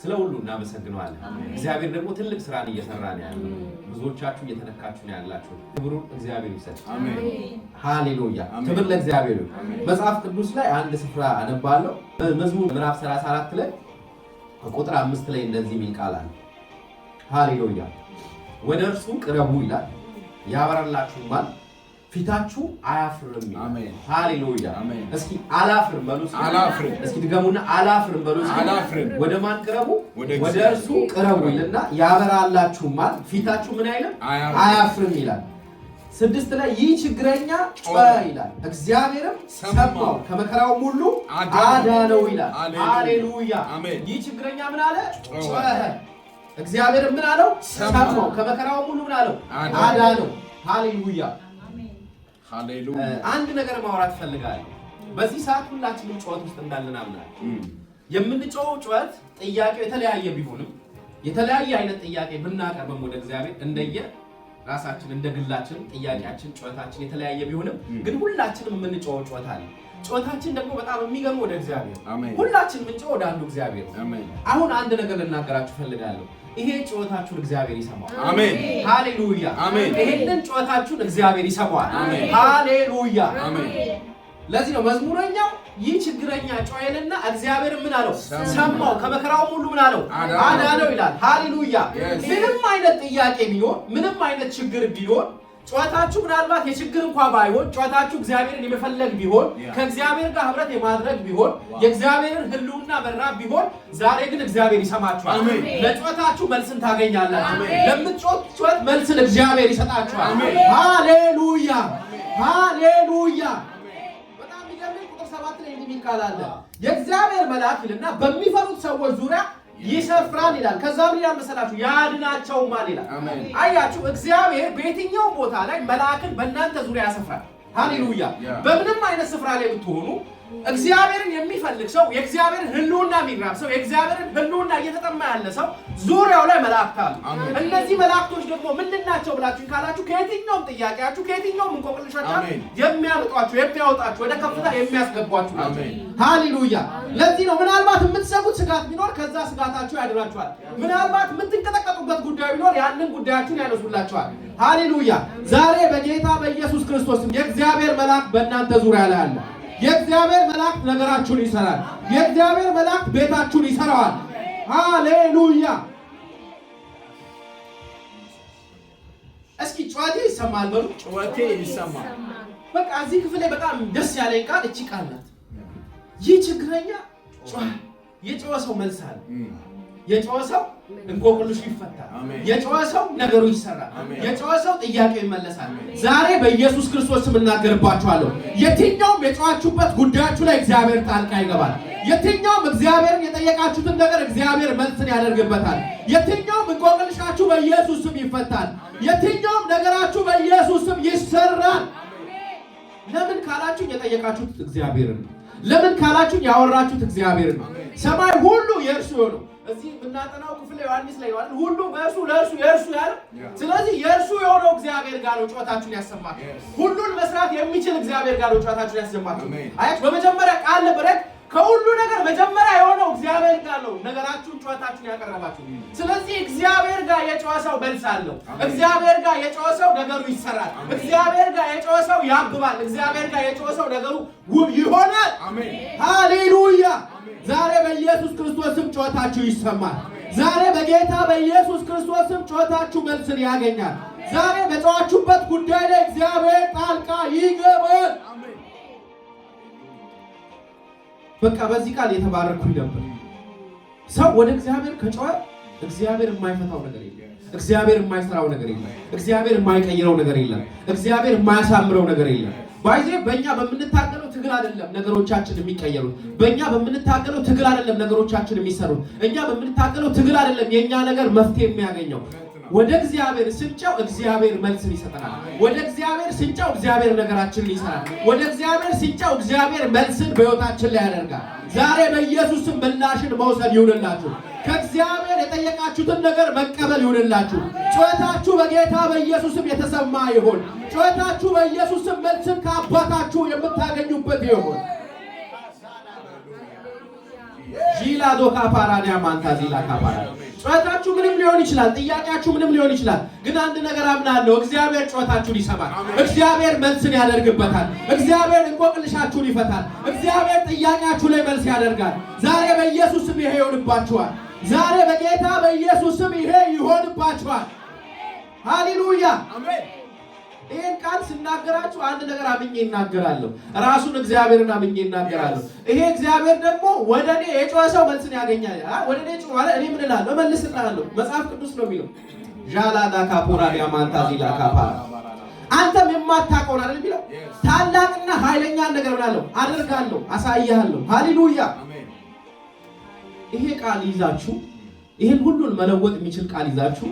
ስለ ሁሉ እናመሰግነዋለን። እግዚአብሔር ደግሞ ትልቅ ስራን እየሰራ ነው ያለ። ብዙዎቻችሁ እየተነካችሁ ነው ያላችሁ። ክብሩ እግዚአብሔር ይሰጥ። ሃሌሉያ፣ ክብር ለእግዚአብሔር። መጽሐፍ ቅዱስ ላይ አንድ ስፍራ አነባለሁ። መዝሙር ምዕራፍ 34 ላይ ቁጥር አምስት ላይ እንደዚህ የሚል ቃል አለ። ሃሌሉያ፣ ወደ እርሱ ቅረቡ ይላል ያበራላችሁማል ፊታችሁ አያፍርም። አሜን ሃሌሉያ! እስኪ አላፍርም በሉ፣ እስኪ ድገሙና አላፍርም በሉ። ወደ ማን ቅረቡ? ወደ እርሱ ቅረቡ ያበራላችሁ ማለት ፊታችሁ ምን አይልም አያፍርም ይላል። ስድስት ላይ ይህ ችግረኛ ጮኸ ይላል፣ እግዚአብሔርም ሰማው ከመከራውም ሁሉ አዳነው ይላል። ሃሌሉያ! ይህ ችግረኛ ምን አለ? ጮኸ። እግዚአብሔርም ምን አለው? ሰማው። ከመከራውም ሁሉ ምን አለው? አዳነው። ሃሌሉያ! አንድ ነገር ማውራት ፈልጋለሁ። በዚህ ሰዓት ሁላችንም ጩኸት ውስጥ እንዳለን አምናለሁ። የምንጮው ጩኸት ጥያቄው የተለያየ ቢሆንም የተለያየ አይነት ጥያቄ ብናቀርብም ወደ እግዚአብሔር እንደየ ራሳችን እንደ ግላችን ጥያቄያችን ጩኸታችን የተለያየ ቢሆንም ግን ሁላችንም የምንጮው ጩኸት አለ። ጩኸታችን ደግሞ በጣም የሚገርም ወደ እግዚአብሔር ሁላችን ምንጮ ወደ አንዱ እግዚአብሔር። አሁን አንድ ነገር ልናገራችሁ ፈልጋለሁ። ይሄ ጩኸታችሁን እግዚአብሔር ይሰማዋል። አሜን ሃሌሉያ። አሜን። ይሄንን ጩኸታችሁን እግዚአብሔር ይሰማዋል። አሜን ሃሌሉያ። አሜን። ለዚህ ነው መዝሙረኛው ይህ ችግረኛ ጮኸንና እግዚአብሔር ምን አለው? ሰማው፣ ከመከራው ሁሉ ምን አለው? አዳነው ይላል። ሃሌሉያ። ምንም አይነት ጥያቄ ቢሆን፣ ምንም አይነት ችግር ቢሆን ጨዋታችሁ ምናልባት የችግር እንኳ ባይሆን ጨዋታችሁ እግዚአብሔርን የመፈለግ ቢሆን ከእግዚአብሔር ጋር ህብረት የማድረግ ቢሆን የእግዚአብሔርን ህልውና መራብ ቢሆን፣ ዛሬ ግን እግዚአብሔር ይሰማችኋል። ለጨዋታችሁ መልስን ታገኛላችሁ። ለምትጮት ጩኸት መልስን እግዚአብሔር ይሰጣችኋል። ሃሌሉያ ሃሌሉያ። በጣም የሚገርም ቁጥር ሰባት ላይ የሚል ቃል አለ። የእግዚአብሔር መልአክ ይልና በሚፈሩት ሰዎች ዙሪያ ይሰፍራል ይላል። ከዛ ምን ይላል መሰላችሁ? ያድናቸውማል ይላል። አያችሁ፣ እግዚአብሔር በየትኛው ቦታ ላይ መልአክን በእናንተ ዙሪያ ያሰፍራል። ሃሌሉያ! በምንም አይነት ስፍራ ላይ ብትሆኑ እግዚአብሔርን የሚፈልግ ሰው የእግዚአብሔርን ህልውና የሚራብ ሰው የእግዚአብሔርን ህልውና እየተጠማ ያለ ሰው ዙሪያው ላይ መላእክት አሉ። እነዚህ መላእክቶች ደግሞ ምንድን ናቸው ብላችሁ ካላችሁ ከየትኛውም ጥያቄያችሁ ከየትኛውም እንቆቅልሻችሁ የሚያመጧችሁ የሚያወጣችሁ ወደ ከፍታ የሚያስገቧችሁ ናቸው። ሃሌሉያ! ለዚህ ነው ምናልባት የምትሰጉት ስጋት ቢኖር ከዛ ስጋታችሁ ያድራችኋል። ምናልባት የምትንቀጠቀጡበት ጉዳይ ቢኖር ያንን ጉዳያችሁን ያነሱላችኋል። ሃሌሉያ! ዛሬ በጌታ በኢየሱስ ክርስቶስ የእግዚአብሔር መልአክ በእናንተ ዙሪያ ላይ አለ። የእግዚአብሔር መልአክ ነገራችሁን ይሰራል። የእግዚአብሔር መልአክ ቤታችሁን ይሰራዋል። አሌሉያ። እስኪ ጨዋቴ ይሰማል በሉ። ጨዋቴ ይሰማል። በቃ እዚህ ክፍል ላይ በጣም ደስ ያለኝ ቃል እቺ ቃል ናት። ይህ ችግረኛ የጨዋ ሰው መልስ አለ የጨወ ሰው እንቆቅልሹ ይፈታል። የጨወ ሰው ነገሩ ይሰራል። የጨዋ ሰው ጥያቄው ይመለሳል። ዛሬ በኢየሱስ ክርስቶስ ስም እናገርባችኋለሁ። የትኛውም የጨዋችሁበት ጉዳያችሁ ላይ እግዚአብሔር ጣልቃ ይገባል። የትኛውም እግዚአብሔርን የጠየቃችሁትን ነገር እግዚአብሔር መልስን ያደርግበታል። የትኛውም እንቆቅልሻችሁ በኢየሱስ ስም ይፈታል። የትኛውም ነገራችሁ በኢየሱስ ስም ይሰራል። ለምን ካላችሁ የጠየቃችሁት እግዚአብሔርን ነው። ለምን ካላችሁ ያወራችሁት እግዚአብሔር ነው። ሰማይ ሁሉ የእርሱ የሆነው እዚህ ብናጠናው ክፍል ዮሐንስ ላይ ይዋል ሁሉ በእርሱ ለእርሱ የእርሱ ያለ። ስለዚህ የእርሱ የሆነው እግዚአብሔር ጋር ነው ጨዋታችሁን ያሰማችሁ። ሁሉን መስራት የሚችል እግዚአብሔር ጋር ነው ጨዋታችሁን ያሰማችሁ። አያችሁ በመጀመሪያ ቃል ብረት ከሁሉ ነገር መጀመሪያ የሆነው እግዚአብሔር ጋር ነው። ነገራችሁን ጨዋታችሁን ያቀረባችሁ። ስለዚህ እግዚአብሔር ጋር የጨዋ ሰው መልስ አለው። እግዚአብሔር ጋር የጨዋ ሰው ነገሩ ይሰራል። እግዚአብሔር ጋር የጨዋ ሰው ያብባል። እግዚአብሔር ጋር የጨዋ ሰው ነገሩ ውብ ይሆናል። ሃሌሉያ! ዛሬ በኢየሱስ ክርስቶስም ጨዋታችሁ ይሰማል። ዛሬ በጌታ በኢየሱስ ክርስቶስም ጨዋታችሁ መልስን ያገኛል። ዛሬ በጨዋችሁበት ጉዳይ ላይ እግዚአብሔር ጣልቃ ይገባል። በቃ በዚህ ቃል የተባረኩኝ ነበር። ሰው ወደ እግዚአብሔር ከጮኸ እግዚአብሔር የማይፈታው ነገር የለም። እግዚአብሔር የማይሰራው ነገር የለም። እግዚአብሔር የማይቀይረው ነገር የለም። እግዚአብሔር የማያሳምረው ነገር የለም። ባይዜ በእኛ በምንታገለው ትግል አይደለም ነገሮቻችን የሚቀየሩት። በእኛ በምንታገለው ትግል አይደለም ነገሮቻችን የሚሰሩት። እኛ በምንታገለው ትግል አይደለም የእኛ ነገር መፍትሄ የሚያገኘው ወደ እግዚአብሔር ስንጨው እግዚአብሔር መልስን ይሰጠናል። ወደ እግዚአብሔር ስንጨው እግዚአብሔር ነገራችንን ይሰራል። ወደ እግዚአብሔር ስንጨው እግዚአብሔር መልስን በሕይወታችን ላይ ያደርጋል። ዛሬ በኢየሱስም ምላሽን መውሰድ ይሁንላችሁ። ከእግዚአብሔር የጠየቃችሁትን ነገር መቀበል ይሁንላችሁ። ጩኸታችሁ በጌታ በኢየሱስም የተሰማ ይሁን። ጩኸታችሁ በኢየሱስም መልስን ከአባታችሁ የምታገኙበት ይሁን። ዢላ ዶካ ፓራኒያ ማንታ ዚላ ካፓራ ጨዋታችሁ ምንም ሊሆን ይችላል፣ ጥያቄያችሁ ምንም ሊሆን ይችላል። ግን አንድ ነገር አምናለሁ፣ እግዚአብሔር ጨዋታችሁን ይሰማል። እግዚአብሔር መልስን ያደርግበታል። እግዚአብሔር እንቆቅልሻችሁን ይፈታል። እግዚአብሔር ጥያቄያችሁ ላይ መልስ ያደርጋል። ዛሬ በኢየሱስ ስም ይሄ ይሆንባችኋል። ዛሬ በጌታ በኢየሱስ ስም ይሄ ይሆንባችኋል። ሃሌሉያ ይሄን ቃል ስናገራችሁ አንድ ነገር አምኜ እናገራለሁ። ራሱን እግዚአብሔርን አምኜ እናገራለሁ። ይሄ እግዚአብሔር ደግሞ ወደ እኔ የጮኸ ሰው መልስን ያገኛል። ወደ እኔ ጮኸ እኔ ምን እላለሁ? እመልስልሃለሁ። መጽሐፍ ቅዱስ ነው የሚለው ዣላዳ ካፖራ ያማንታ ዚላ ካፓራ አንተም የማታውቀውን አይደል የሚለው ታላቅና ኃይለኛ ነገር ምናለው አደርጋለሁ፣ አሳያለሁ። ሃሌሉያ! ይሄ ቃል ይዛችሁ ይህን ሁሉን መለወጥ የሚችል ቃል ይዛችሁ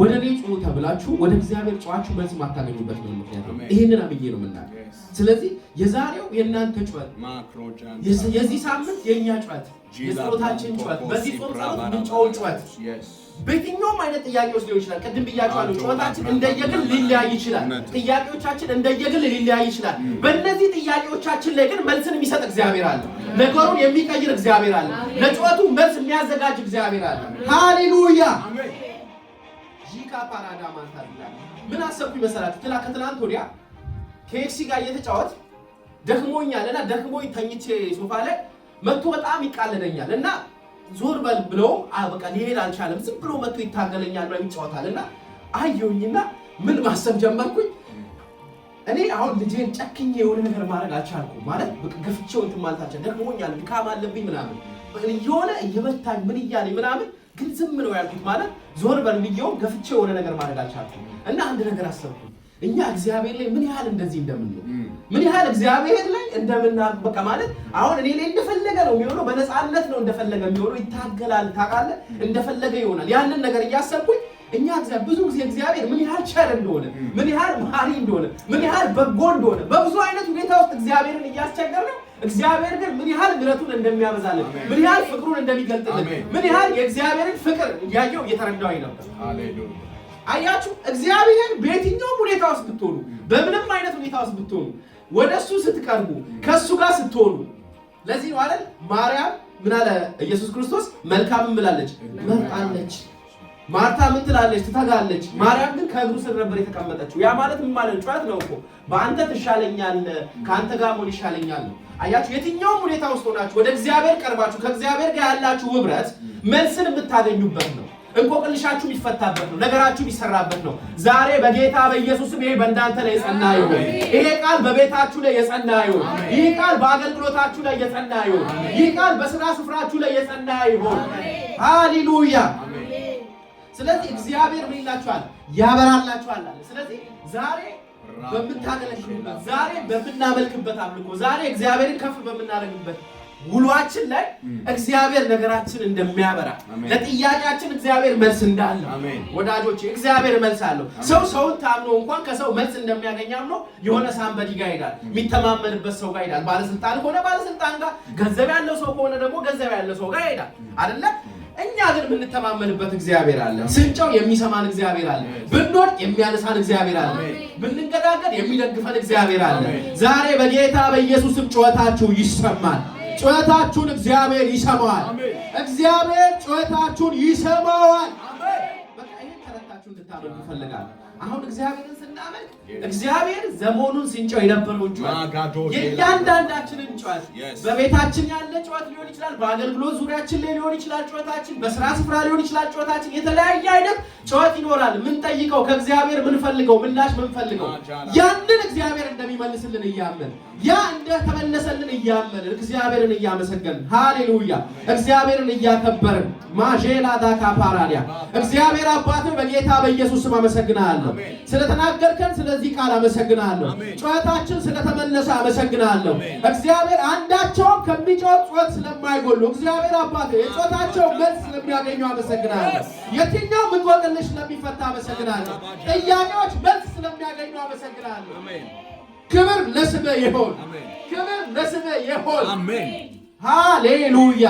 ወደ እኔ ጩሁ ተብላችሁ ወደ እግዚአብሔር ጨዋችሁ በዚህ ማታገኙበት ምን ምክንያት ነው? ይህንን አብዬ ነው የምናገር። ስለዚህ የዛሬው የእናንተ ጩኸት፣ የዚህ ሳምንት የእኛ ጩኸት፣ የጸሎታችን ጩኸት፣ በዚህ ጾም ጸሎት ምንጫው ጩኸት በየትኛውም አይነት ጥያቄዎች ሊሆን ይችላል። ቅድም ብያቸዋለሁ። ጩኸታችን እንደየግል ሊለያይ ይችላል። ጥያቄዎቻችን እንደየግል ሊለያይ ይችላል። በእነዚህ ጥያቄዎቻችን ላይ ግን መልስን የሚሰጥ እግዚአብሔር አለ። ነገሩን የሚቀይር እግዚአብሔር አለ። ለጩኸቱ መልስ የሚያዘጋጅ እግዚአብሔር አለ። ሃሌሉያ ሪካ ፓናዳ ማንታ ይላል። ምን አሰብኩ ይመሰላት ትላ ከትናንት ወዲያ ከኤክሲ ጋር እየተጫወት ደክሞኛል እና ደክሞኝ ተኝቼ ሶፋ ላይ መጥቶ በጣም ይቃለደኛል እና ዞር በል ብሎ በቃ ሊሄድ አልቻለም። ዝም ብሎ መጥቶ ይታገለኛል ብላ ይጫወታል እና አየሁኝና ምን ማሰብ ጀመርኩኝ። እኔ አሁን ልጄን ጨክኝ የሆነ ነገር ማድረግ አልቻልኩ ማለት ገፍቼው እንትን ማለት አልቻልኩም፣ ደክሞኛል፣ ድካም አለብኝ ምናምን የሆነ እየበታኝ ምን እያለኝ ምናምን ግን ዝም ነው ያልኩት። ማለት ዞር በል ብዬውም ገፍቼ የሆነ ነገር ማድረግ አልቻልኩም እና አንድ ነገር አሰብኩ። እኛ እግዚአብሔር ላይ ምን ያህል እንደዚህ እንደምንለው ምን ያህል እግዚአብሔር ላይ እንደምና በቃ ማለት አሁን እኔ ላይ እንደፈለገ ነው የሚሆነው፣ በነፃነት ነው እንደፈለገ የሚሆነው። ይታገላል፣ ታውቃለህ፣ እንደፈለገ ይሆናል። ያንን ነገር እያሰብኩኝ እኛ እግዚአብሔር ብዙ ጊዜ እግዚአብሔር ምን ያህል ቸር እንደሆነ ምን ያህል ማሪ እንደሆነ ምን ያህል በጎ እንደሆነ በብዙ አይነት ሁኔታ ውስጥ እግዚአብሔርን እያስቸገር ነው እግዚአብሔር ግን ምን ያህል ምሕረቱን እንደሚያበዛልን ምን ያህል ፍቅሩን እንደሚገልጥልን ምን ያህል የእግዚአብሔርን ፍቅር እያየው እየተረዳው ነበር። አያችሁ፣ እግዚአብሔር በየትኛውም ሁኔታ ውስጥ ብትሆኑ፣ በምንም አይነት ሁኔታ ውስጥ ብትሆኑ፣ ወደ እሱ ስትቀርቡ፣ ከእሱ ጋር ስትሆኑ፣ ለዚህ ነው አይደል ማርያም ምን አለ ኢየሱስ ክርስቶስ መልካም ምላለች መርጣለች ማርታ ምን ትላለች? ትተጋለች። ማርያም ግን ከእግሩ ስር ነበር የተቀመጠችው። ያ ማለት ምን ማለት ጩኸት ነው እኮ በአንተ ትሻለኛለህ፣ ከአንተ ጋር መሆን ይሻለኛል ነው። አያችሁ፣ የትኛውም ሁኔታ ውስጥ ሆናችሁ ወደ እግዚአብሔር ቀርባችሁ ከእግዚአብሔር ጋር ያላችሁ ውብረት መልስን የምታገኙበት ነው። እንቆቅልሻችሁ የሚፈታበት ነው። ነገራችሁ የሚሰራበት ነው። ዛሬ በጌታ በኢየሱስም ይሄ በእናንተ ላይ የጸና ይሁን። ይሄ ቃል በቤታችሁ ላይ የጸና ይሁን። ይህ ቃል በአገልግሎታችሁ ላይ የጸና ይሁን። ይህ ቃል በስራ ስፍራችሁ ላይ የጸና ይሁን። ሃሌሉያ ስለዚህ እግዚአብሔር ምን ይላችኋል? ያበራላችኋል አለ። ስለዚህ ዛሬ በምታገለግሉበት፣ ዛሬ በምናመልክበት አምልኮ፣ ዛሬ እግዚአብሔርን ከፍ በምናደርግበት ውሏችን ላይ እግዚአብሔር ነገራችን እንደሚያበራ ለጥያቄያችን እግዚአብሔር መልስ እንዳለ ወዳጆች፣ እግዚአብሔር መልስ አለው። ሰው ሰውን ታምኖ እንኳን ከሰው መልስ እንደሚያገኝ አምኖ የሆነ ሳንበዲ ጋር ይሄዳል፣ የሚተማመንበት ሰው ጋር ይሄዳል። ባለስልጣን ከሆነ ባለስልጣን ጋር፣ ገንዘብ ያለው ሰው ከሆነ ደግሞ ገንዘብ ያለው ሰው ጋር ይሄዳል አይደለ? እኛ ግን የምንተማመንበት እግዚአብሔር አለ። ስንጨው የሚሰማን እግዚአብሔር አለ። ብንወድቅ የሚያነሳን እግዚአብሔር አለ። ብንንገዳገድ የሚደግፈን እግዚአብሔር አለ። ዛሬ በጌታ በኢየሱስም ጩኸታችሁ ይሰማል። ጩኸታችሁን እግዚአብሔር ይሰማዋል። እግዚአብሔር ጩኸታችሁን ይሰማዋል። በቃ ይህን ተረታችሁ እንድታደርጉ ይፈልጋል። አሁን እግዚአብሔር ስናመልክ እግዚአብሔር ዘመኑን ሲንጨው የነበረውን ጩኸት የእያንዳንዳችንን ጩኸት በቤታችን ያለ ጩኸት ሊሆን ይችላል፣ በአገልግሎት ዙሪያችን ላይ ሊሆን ይችላል ጩኸታችን፣ በስራ ስፍራ ሊሆን ይችላል ጩኸታችን። የተለያየ አይነት ጩኸት ይኖራል። ምንጠይቀው ከእግዚአብሔር ምንፈልገው ምላሽ ምንፈልገው ያንን እግዚአብሔር እንደሚመልስልን እያመን ያ እንደተመለሰልን እያመን እግዚአብሔርን እያመሰገን ሃሌሉያ እግዚአብሔርን እያከበርን ማሼላ ዳካ እግዚአብሔር አባትን በጌታ በኢየሱስ ስም አመሰግናለሁ ስለተናገር ስለነገርከን ስለዚህ ቃል አመሰግናለሁ። ጩኸታችን ስለተመለሰ አመሰግናለሁ። እግዚአብሔር አንዳቸውም ከሚጮህ ጩኸት ስለማይጎሉ እግዚአብሔር አባቴ የጩኸታቸው መልስ ስለሚያገኙ አመሰግናለሁ። የትኛው ምንቆቅልሽ ስለሚፈታ አመሰግናለሁ። ጥያቄዎች መልስ ስለሚያገኙ አመሰግናለሁ። ክብር ለስምህ ይሁን፣ ክብር ለስምህ ይሁን። ሃሌሉያ።